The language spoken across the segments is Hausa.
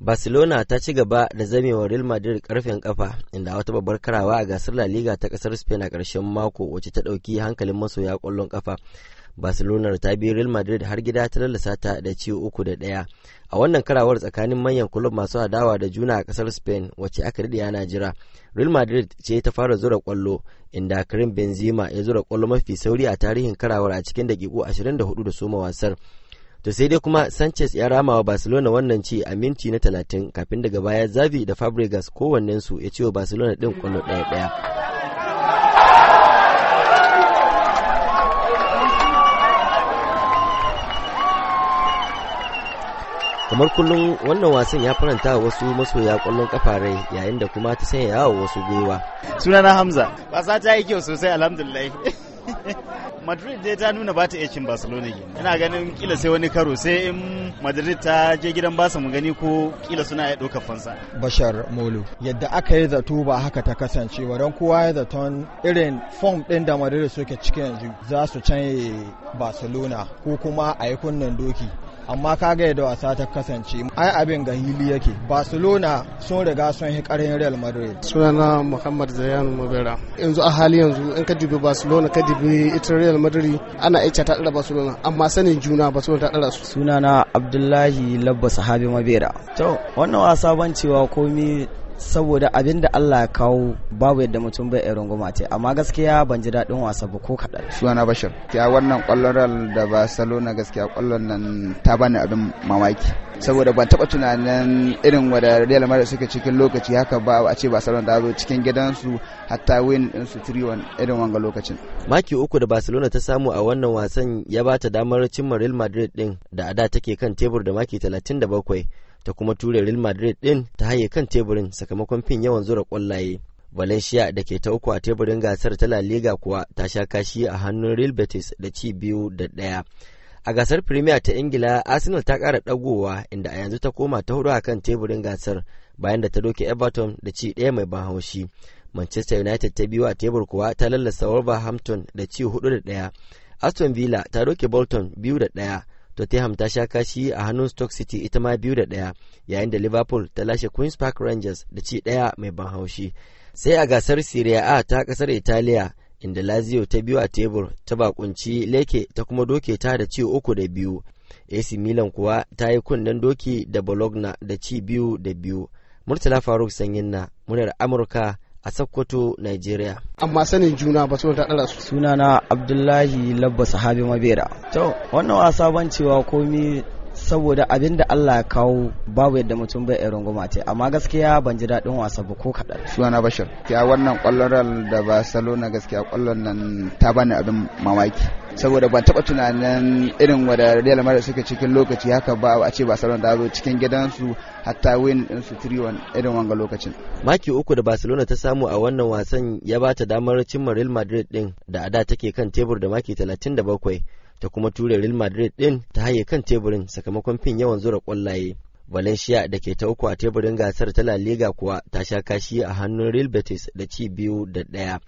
Barcelona ta ci gaba da zamewa Real Madrid karfen kafa inda wata babbar karawa a gasar La Liga ta kasar Spain a karshen mako wacce ta dauki hankalin masoya kwallon kafa. Barcelona ta bi Real Madrid har gida ta lalasa ta da ci uku da ɗaya. A wannan karawar tsakanin manyan kulub masu adawa da juna a kasar Spain wacce aka daɗe ana jira. Real Madrid ce ta fara zura kwallo inda Karim Benzema ya zura kwallo mafi sauri a tarihin karawar a cikin dakiku 24 da suma wasar. To sai dai kuma Sanchez ya rama wa Barcelona wannan ci a minti na talatin kafin daga baya Zavi da Fabregas kowannensu ya ce wa Barcelona din kwallo daya daya. kamar kullum wannan wasan ya faranta wasu masoya kwallon kafa rai yayin da kuma ta sanya yawo wasu gwiwa sunana hamza wasa ta yi kyau sosai alhamdulillah Madrid dai ta nuna bata ta iya cin Barcelona ke. Ina ganin kila sai wani karo sai in Madrid ta je gidan basa mu gani ko kila suna iya ɗaukar fansa. Bashar Molo yadda aka yi zato ba haka ta kasance ba don kowa ya zaton irin form ɗin da Madrid suke ciki yanzu za su canye Barcelona ko kuma a yi kunnen doki amma ka ga yadda wasa ta kasance ai abin ga hili yake barcelona sun riga sun yi karin real madrid sunana muhammad zayan Mabera. yanzu a hali yanzu in ka dubi barcelona ka dubi ita real madrid ana aice ta dara barcelona amma sanin juna barcelona ta dara su sunana abdullahi labba sahabi mabera to wannan wasa ban cewa komi saboda abin da Allah ya kawo babu yadda mutum bai irin goma ce amma gaskiya ban ji daɗin wasa ba ko kaɗan. Suna Bashir, ya wannan ƙwallon da Barcelona gaskiya ƙwallon nan ta bani abin mamaki. saboda ban taɓa tunanin irin wadda Real Madrid suke cikin lokaci haka ba a ce Barcelona da zo cikin gidansu hatta win ɗinsu 3-1 irin wanga lokacin. Maki uku da Barcelona ta samu a wannan wasan ya bata damar cimma Real Madrid din da a da take kan tebur da maki talatin 37 ta kuma ture Real Madrid din ta haye kan teburin sakamakon fin yawan zura kwallaye. Valencia da ke ta uku a teburin gasar ta La Liga kuwa ta sha kashi a hannun Real Betis da ci biyu da ɗaya. A gasar Premier ta Ingila, Arsenal ta kara ɗagowa inda a yanzu ta koma ta hudu a kan teburin gasar bayan da ta doke Everton da ci ɗaya mai ban haushi. Manchester United ta biyu a tebur kuwa ta lallasa Wolverhampton da ci hudu da ɗaya. Aston Villa ta doke Bolton biyu da ɗaya. Tottenham ta sha kashi a hannun Stoke City ita ma biyu da ɗaya yayin da Liverpool ta lashe Queen's Park Rangers da ci ɗaya mai ban haushi. Sai a gasar Serie A ta ƙasar Italiya inda Lazio ta biyu a tebur ta bakunci Leke ta kuma doke ta da ci uku da biyu. AC Milan kuwa ta yi kunnen doki da Bologna da ci biyu da biyu. Murtala Faruk Sanyin na muryar Amurka a Sokoto, Nigeria. Amma sanin juna ba ta ɗara su. na Abdullahi Labba Sahabi Mabera. To, wannan wasa ban cewa komi saboda abin da Allah ya kawo babu yadda mutum bai irin goma ce amma gaskiya ban ji daɗin wasa ba ko kaɗan. Suna Bashir. Ya wannan ƙwallon da na gaskiya ƙwallon nan ta bani abin mamaki. saboda ban taba tunanin irin wadda Real Madrid suka cikin lokaci haka ba a ce Barcelona ta zo cikin gidansu hatta win din su 3 irin wanga lokacin maki uku da Barcelona ta samu a wannan wasan ya ba ta damar cimma Real Madrid din da ada take kan tebur da maki 37 ta kuma ture Real Madrid din ta haye kan teburin sakamakon fin yawan zura kwallaye Valencia da ke ta uku a teburin gasar ta La Liga kuwa ta sha kashi a hannun Real Betis da ci biyu da daya.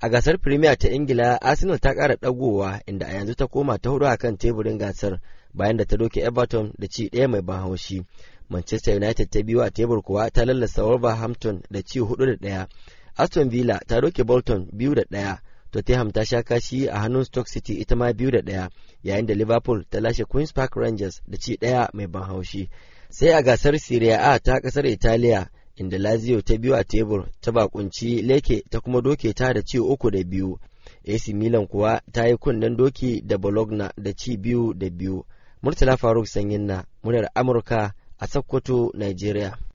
A gasar Premier ta Ingila, Arsenal ta kara ɗagowa inda a yanzu ta koma ta hudu akan teburin gasar bayan da ta doke Everton da ci ɗaya mai ban haushi. Manchester United ta biyu a tebur kuwa ta lallasa Wolverhampton da ci hudu da ɗaya. Aston Villa ta doke Bolton biyu da ɗaya. Tottenham ta sha kashi a hannun Stoke City ita ma biyu da ɗaya, yayin da Liverpool ta lashe Queen's Park Rangers da ci ɗaya mai ban haushi. Sai a gasar Serie A ta ƙasar Italiya, inda lazio ta biyu a tebur ta bakunci leke ta kuma doke ta da ci uku da biyu AC Milan kuwa ta yi kunnen doki da Bologna da ci biyu da biyu. Murtala Faruk Sanyin na muryar Amurka a Sokoto, Nigeria.